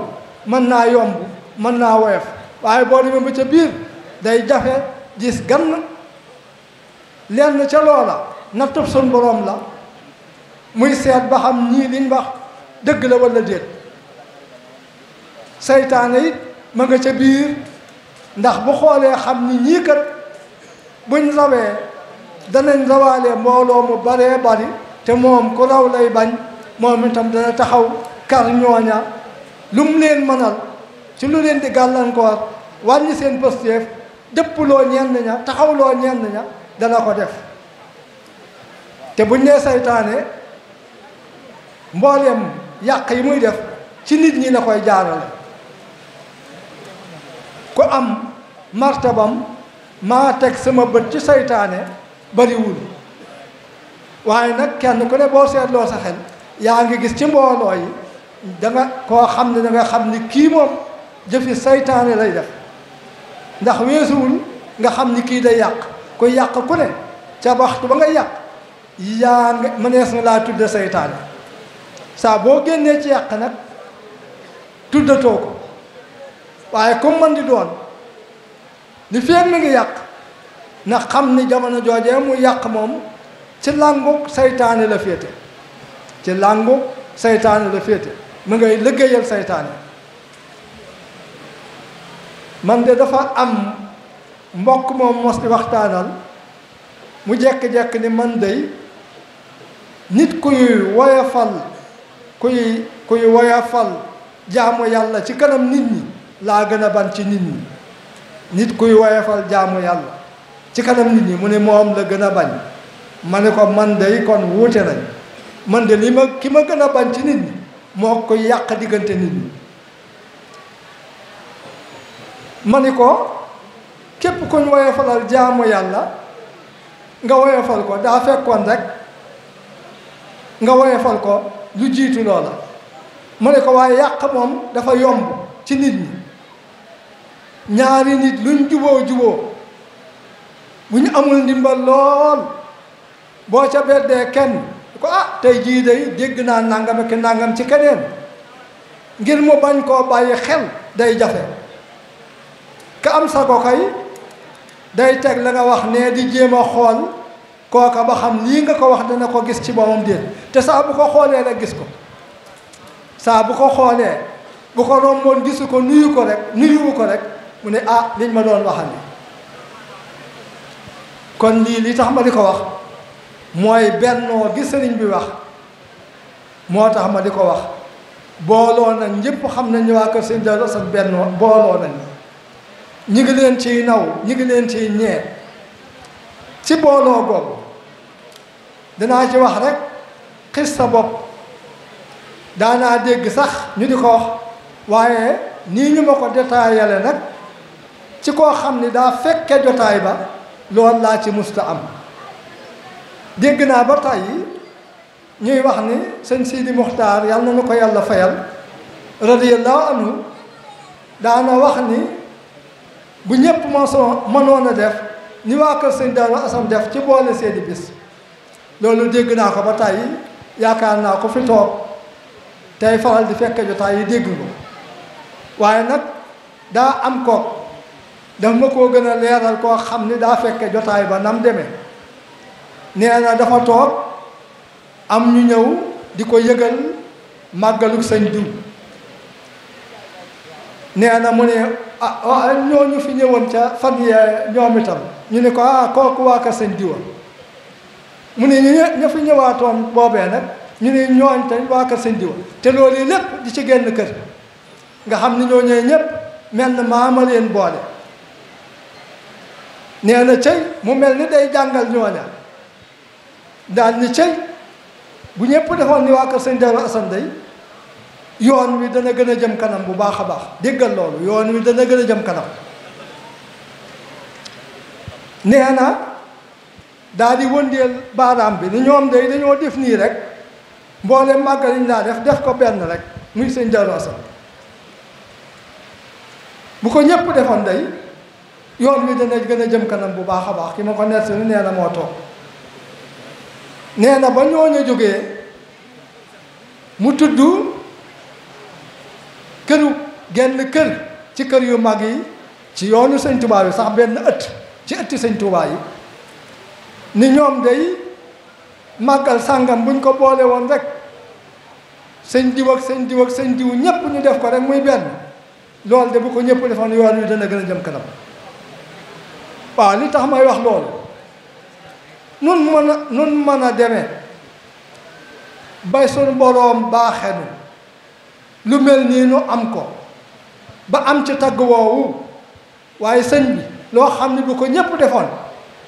mën naa yomb mën naa woyof waaye boo demee ba ca biir day jafe gis gann lenn ca loola nattub sun boroom la muy seet ba xam ñii liñ wax dëgg la walla déet seytaane it ma nga ca biir ndax bu xoolee xam ni ñii kat buñ rawee danañ rawaale mbooloo mu bare bari te moom ku raw lay bañ moom itam dana taxaw kar ñooña lu mu leen mënal ci lu leen di gàllankoor wàññi seen pësteef dëpploo ñenn ña taxaw loo ñenn ña dana ko def te buñ nee seytaane mbooleem yàq yi muy def ci nit ñi la koy jaarale ku am martabam maa teg sama bët ci seytaane bariwul waaye nag kenn ku ne boo seetloo sa xel yaa ngi gis ci mbooloo yi danga koo xam ne danga xam ni kii moom jëfi seytaane lay def ndax weesuwul nga xam ni kii day yàq ku yàq ku ne ca waxtu ba nga yàq yaa nga mënees na laa tudde seytaane saa boo génnee ci yàq nag tuddatoo ko waaye comme man di doon li feeg mi ngi yàq na xam ni jamono joojee mu yàq moom ci làngug saytaane la féete ci làngug saytaane la féete mu ngay liggéeyal saytaane man de dafa am mbokk moom mos di waxtaanal mu jekk-jekk ni man dey nit kuy woyofal kuy kuy woyafal jaamu yàlla ci kanam nit ñi laa gën a ban ci nit ñi nit kuy woyafal jaamu yàlla ci kanam nit ñi mu ne moom la gën a bañ ma ne ko man day kon wuute nañ man de li ma ki ma gën a bañ ci nit ñi moo koy yàq diggante nit ñi ma ni ko képp kuñ woyofalal jaamu yàlla nga woyofal ko daa fekkoon rek nga woyofal ko lu jiitu loola mu ne ko waaye yàq moom dafa yomb ci nit ñi ñaari nit luñ juboo juboo bu ñu amul ndimbal lool boo ca beddee kenn ko ah tey jii day dégg naa nangam ak nangam ci keneen ngir mu bañ koo bàyyi xel day jafe ka am sa ko kay day teg la nga wax nee di jéem xool kooka ba xam lii nga ko wax dana ko gis ci moomam déet te saa bu ko xoolee rek gis ko saa bu ko xoolee bu ko romboon gisu ko nuyu ko rek nuyuwu ko rek mu ne ah liñ ma doon waxal kon lii li tax ma di ko wax mooy bennoo gis sëriñ bi wax moo tax ma di ko wax booloo nañ ñëpp xam nañ waa kër sëriñ Daaru Asan bennoo booloo nañ ñi ngi leen ciy naw ñi ngi leen ciy ñeer ci booloo googu danaa ci wax rek xis sa bopp daanaa dégg sax ñu di ko wax waaye nii ñu ma ko détaayale nag ci koo xam ni daa fekke jotaay ba loolu laa ci musta am dégg naa ba tàyyi ñuy wax ni sëñ Sidi Muxtaar yàlla na nu ko yàlla fayal radiyallahu anhu daana wax ni bu ñépp ma soo mënoon a def ni waa kër sëñ Daaru Asam def ci boole seeni bis loolu dégg naa ko ba tàyyi yaakaar naa ko fi toog tey faral di fekk jotaay yi dégg ko waaye nag daa am ko daf ma koo gën a leeral koo xam ni daa fekk jotaay ba nam deme nee na dafa toog am ñu ñëw di ko yëgal màggaluk sëñ diw nee na mu ne ah, ah ñu fi ñëwoon ca fan yee ñoom itam ñu ne ko ah kooku waa ka sëñ diwa mu ne ñu ña fi ñëwaatoon boobee nag ñu ne ñooñ te waa kër sëñ diwa te loolu lépp di ci génn kër nga xam ni ñoo ñëwee ñëpp mel na maama leen boole nee na cëy mel ni day jàngal ñooña daal ni cëy bu ñëpp defoon ni waa kër sëñ Darou Assane day yoon wi dana gën a jëm kanam bu baax a baax déggal loolu yoon wi dana gën a jëm kanam nee daal di wëndeel baaraam bi ni ñoom day dañoo def nii rek mboolem màggal yi ñu def def ko benn rek muy sëñ Darou Assane bu ko ñëpp defoon day yoon wi dana gën a jëm kanam bu baax a baax ki ma ko nett ni nee na moo toog nee na ba ñooñu jógee mu tudd këru genn kër ci kër yu mag yi ci yoonu sëñ Tuubaa yi sax benn ëtt ci ëtti sëñ Tuubaa yi ni ñoom day màggal sàngam buñ ko boole woon rek sëñ diw ak sëñ diw ak sëñ diw ñépp ñu def ko rek muy benn loolu de bu ko ñëpp defoon yoon wi dana gën a jëm kanam waaw li tax may wax loolu nun mën a nun mën a demee bay suñu boroom baaxe lu mel nii nu am ko ba am ci tagg woowu waaye sëñ bi loo xam ne bu ko ñépp defoon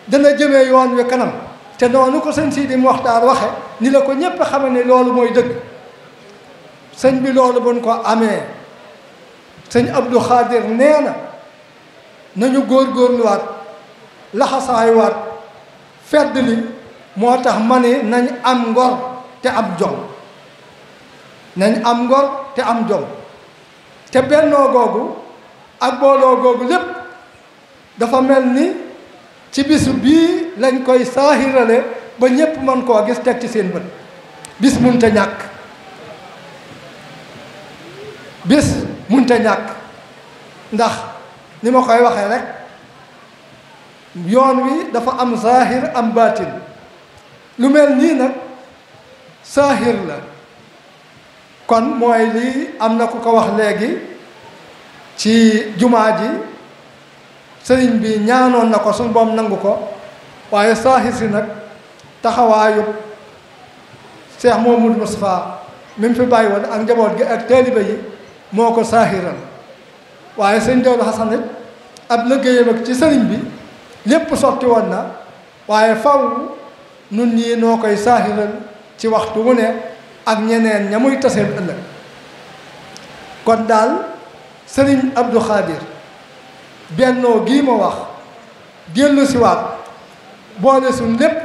dana jëmee yoon wi kanam te noonu ko sëñ Sidi Moxtaar waxe ni la ko ñépp xame ne loolu mooy dëgg sëñ bi loolu buñ ko amee sëñ Abdou Khadir nee na nañu laxasaay laxasaayuwaat fedd li moo tax ma ne nañ am ngor te am jom nañ am ngor te am jom te bennoo googu ak booloo googu lépp dafa mel ni ci bisu bii lañ koy saahirale ba ñépp mën koo gis teg ci seen bët bis munta ñàkk bis munta ñàkk ndax ni ma koy waxee rek yoon wi dafa am saahir am baatin lu mel nii nag saahir la kon mooy lii am na ku ko wax léegi ci jumaa ji sëriñ bi ñaanoon na ko suñu boom nangu ko waaye saaxi si nag taxawaayu Cheikh Mouhamadou Moustapha mi mu fi bàyyi woon ak njaboot gi ak taalibe yi moo ko saaxiral waaye sëñ Dawda Xasan it ab liggéeyam ak ci sëriñ bi lépp sotti woon na waaye faw nun ñii noo koy saaxiral ci waxtu wu ne ak ñeneen ña muy taseel ëllëg kon daal sëriñ Abdou Khadir bennoo gii ma wax dellu siwaat boole suñ lépp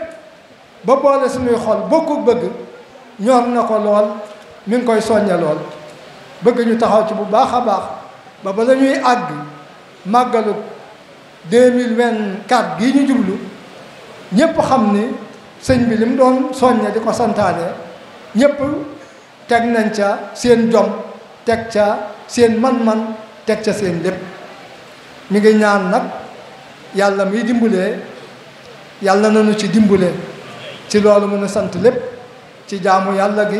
ba boole suñuy xol bokku bëgg ñor na ko lool mi ngi koy soññe lool bëgg ñu taxaw ci bu baax a baax ba ba la ñuy àgg màggalu 2024 gii ñu jublu ñépp xam ni sëñ bi lim doon soññe di ko santaane ñépp teg nañ ca seen jom teg ca seen man-man teg ca seen lépp mi ngi ñaan nag yàlla muy dimbulee yàlla nañu ci dimbulee ci loolu mën a sant lépp ci jaamu yàlla gi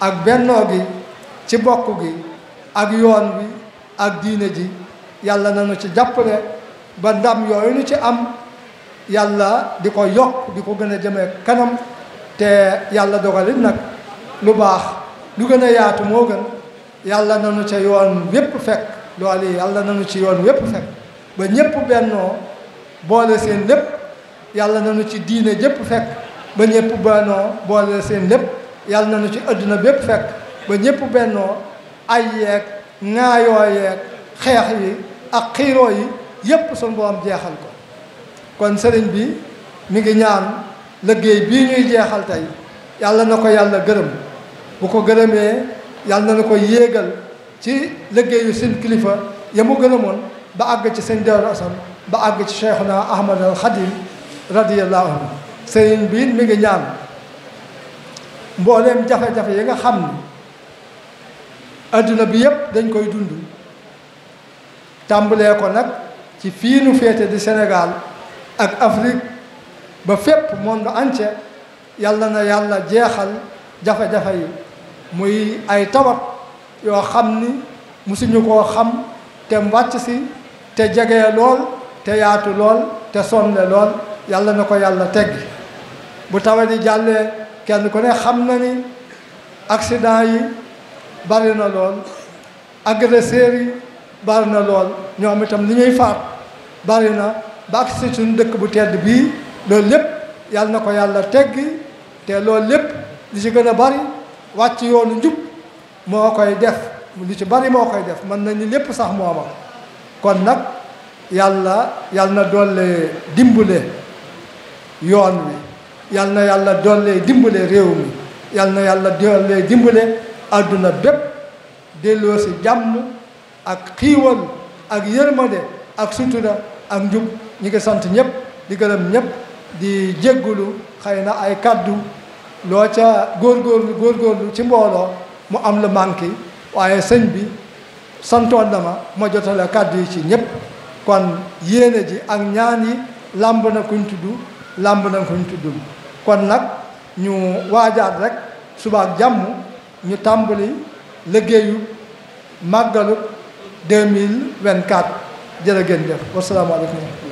ak bennoo gi ci bokk gi ak yoon wi ak diine ji yàlla nañu ci jàppale ba ndam yooyu nu ci am yàlla di ko yokk di ko gën a jëmee kanam te yàlla dogalit nag lu baax lu gën a yaatu moo gën yàlla nañu ca yoon wépp fekk loolu yàlla nañu ci yoon wépp fekk ba ñëpp bennoo boole seen lépp yàlla na nu ci diine jëpp fekk ba ñëpp bennoo boole seen lépp yàlla nañu ci àdduna bépp fekk ba ñëpp bennoo ay yeek ŋaayoo yeeg xeex yi ak xiiroo yi yépp suñu borom jeexal ko kon sëriñ bi mu ngi ñaan liggéey bii ñuy jeexal tey yàlla na ko yàlla gërëm bu ko gërëmee yàlla na ko yéegal ci liggéeyu seen kilifa ya mu gën ba àgg ci seen Daaru Asan ba àgg ci Cheikhuna Ahmad al Khadim radiyallahu anhu sëriñ bi mi ngi ñaan mbooleem jafe-jafe yi nga xam ni adduna bi yépp dañ koy dund tàmbalee ko nag ci fii nu féete di Sénégal ak Afrique ba fépp monde entier yàlla na yàlla jeexal jafe-jafe yi muy ay tawat yoo xam ni musuñu koo xam te wàcc si te jege lool te yaatu lool te sonne lool yàlla na ko yàlla teggi bu tawa di jàllee kenn ku ne xam na ni accident yi bari na lool agresseurs yi bari na lool ñoom itam li ñuy faat bari na ba agsi suñu dëkk bu tedd bii loolu lépp yàlla na ko yàlla tegg te lool lépp li ci gën a bari wàcc yoonu njub moo koy def lu ci bari moo koy def mën nañu lépp sax mooma kon nag yàlla yàlla na doole dimbale yoon wi yàlla na yàlla doole dimbale réew mi yàlla na yàlla doole dimbale àdduna bépp delloo si jàmm ak xiiwal ak yërmande ak sutura ak njub ñi ngi sant ñëpp di gërëm ñëpp di jéggulu xëy na ay kàddu loo ca góor góor góor góor góorgóorlu ci mbooloo mu am lu manqué waaye sëñ bi santoon na ma ma jotale kàddu yi ci ñépp kon yéene ji ak ñaan yi làmb na kuñ tudd làmb na kuñ tudd kon nag ñu waajaat rek subaak jàmm ñu tàmbali liggéeyu màggalu 2024 jërë ngeen jëf wasalaamaaleykum